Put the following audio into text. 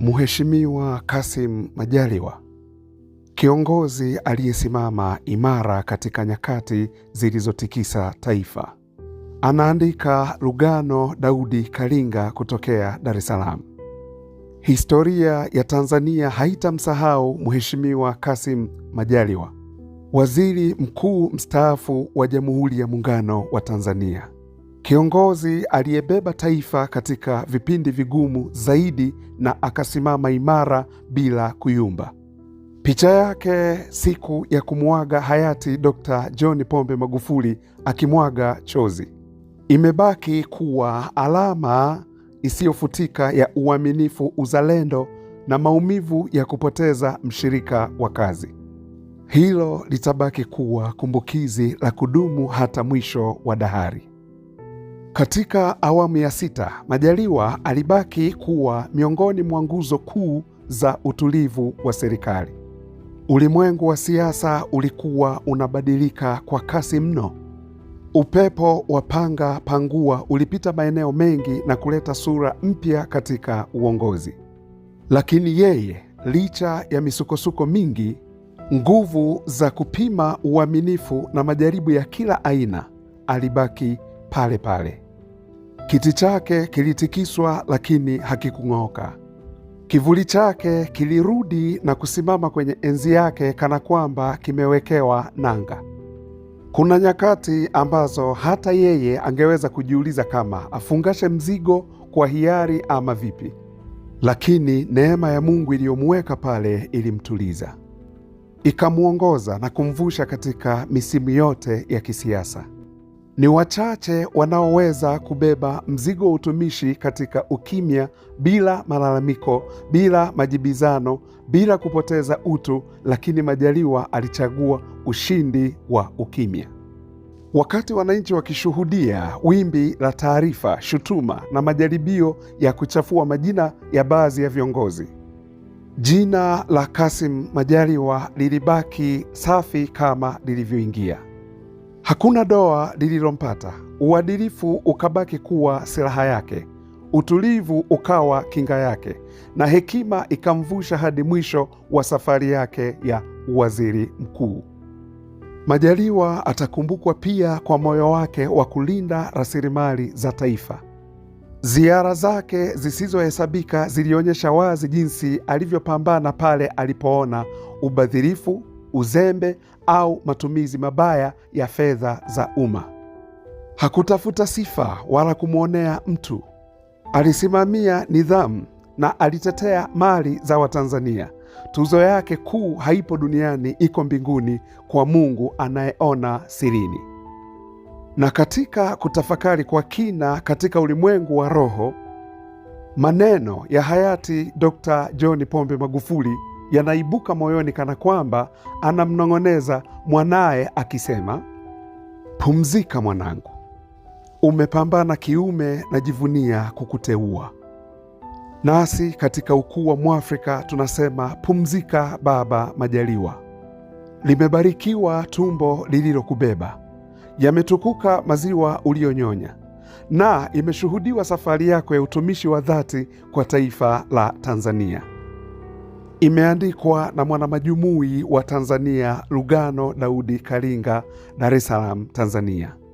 Mheshimiwa Kassim Majaliwa, kiongozi aliyesimama imara katika nyakati zilizotikisa taifa, anaandika Lugano Daudi Kalinga kutokea Dar es Salaam. Historia ya Tanzania haitamsahau Mheshimiwa Kassim Majaliwa, waziri mkuu mstaafu wa Jamhuri ya Muungano wa Tanzania. Kiongozi aliyebeba taifa katika vipindi vigumu zaidi na akasimama imara bila kuyumba. Picha yake siku ya kumwaga hayati Dr. John Pombe Magufuli akimwaga chozi imebaki kuwa alama isiyofutika ya uaminifu, uzalendo na maumivu ya kupoteza mshirika wa kazi. Hilo litabaki kuwa kumbukizi la kudumu hata mwisho wa dahari. Katika awamu ya sita, Majaliwa alibaki kuwa miongoni mwa nguzo kuu za utulivu wa serikali. Ulimwengu wa siasa ulikuwa unabadilika kwa kasi mno. Upepo wa panga pangua ulipita maeneo mengi na kuleta sura mpya katika uongozi. Lakini yeye, licha ya misukosuko mingi, nguvu za kupima uaminifu na majaribu ya kila aina, alibaki pale pale. Kiti chake kilitikiswa, lakini hakikung'oka. Kivuli chake kilirudi na kusimama kwenye enzi yake, kana kwamba kimewekewa nanga. Kuna nyakati ambazo hata yeye angeweza kujiuliza kama afungashe mzigo kwa hiari ama vipi, lakini neema ya Mungu iliyomuweka pale ilimtuliza, ikamwongoza na kumvusha katika misimu yote ya kisiasa. Ni wachache wanaoweza kubeba mzigo wa utumishi katika ukimya, bila malalamiko, bila majibizano, bila kupoteza utu, lakini Majaliwa alichagua ushindi wa ukimya. Wakati wananchi wakishuhudia wimbi la taarifa, shutuma na majaribio ya kuchafua majina ya baadhi ya viongozi, jina la Kassim Majaliwa lilibaki safi kama lilivyoingia. Hakuna doa lililompata. Uadilifu ukabaki kuwa silaha yake, utulivu ukawa kinga yake, na hekima ikamvusha hadi mwisho wa safari yake ya uwaziri mkuu. Majaliwa atakumbukwa pia kwa moyo wake wa kulinda rasilimali za taifa. Ziara zake zisizohesabika zilionyesha wazi jinsi alivyopambana pale alipoona ubadhirifu uzembe au matumizi mabaya ya fedha za umma. Hakutafuta sifa wala kumwonea mtu. Alisimamia nidhamu na alitetea mali za Watanzania. Tuzo yake kuu haipo duniani, iko mbinguni kwa Mungu anayeona sirini. Na katika kutafakari kwa kina katika ulimwengu wa roho, maneno ya hayati Dr. John Pombe Magufuli yanaibuka moyoni, kana kwamba anamnong'oneza mwanaye akisema, pumzika mwanangu, umepambana kiume, na jivunia kukuteua. Nasi katika ukuu wa Mwafrika tunasema pumzika baba Majaliwa, limebarikiwa tumbo lililokubeba, yametukuka maziwa uliyonyonya, na imeshuhudiwa safari yako ya utumishi wa dhati kwa taifa la Tanzania. Imeandikwa na mwanamajumui wa Tanzania Lugano Daudi Kalinga, Dar es Salaam, Tanzania.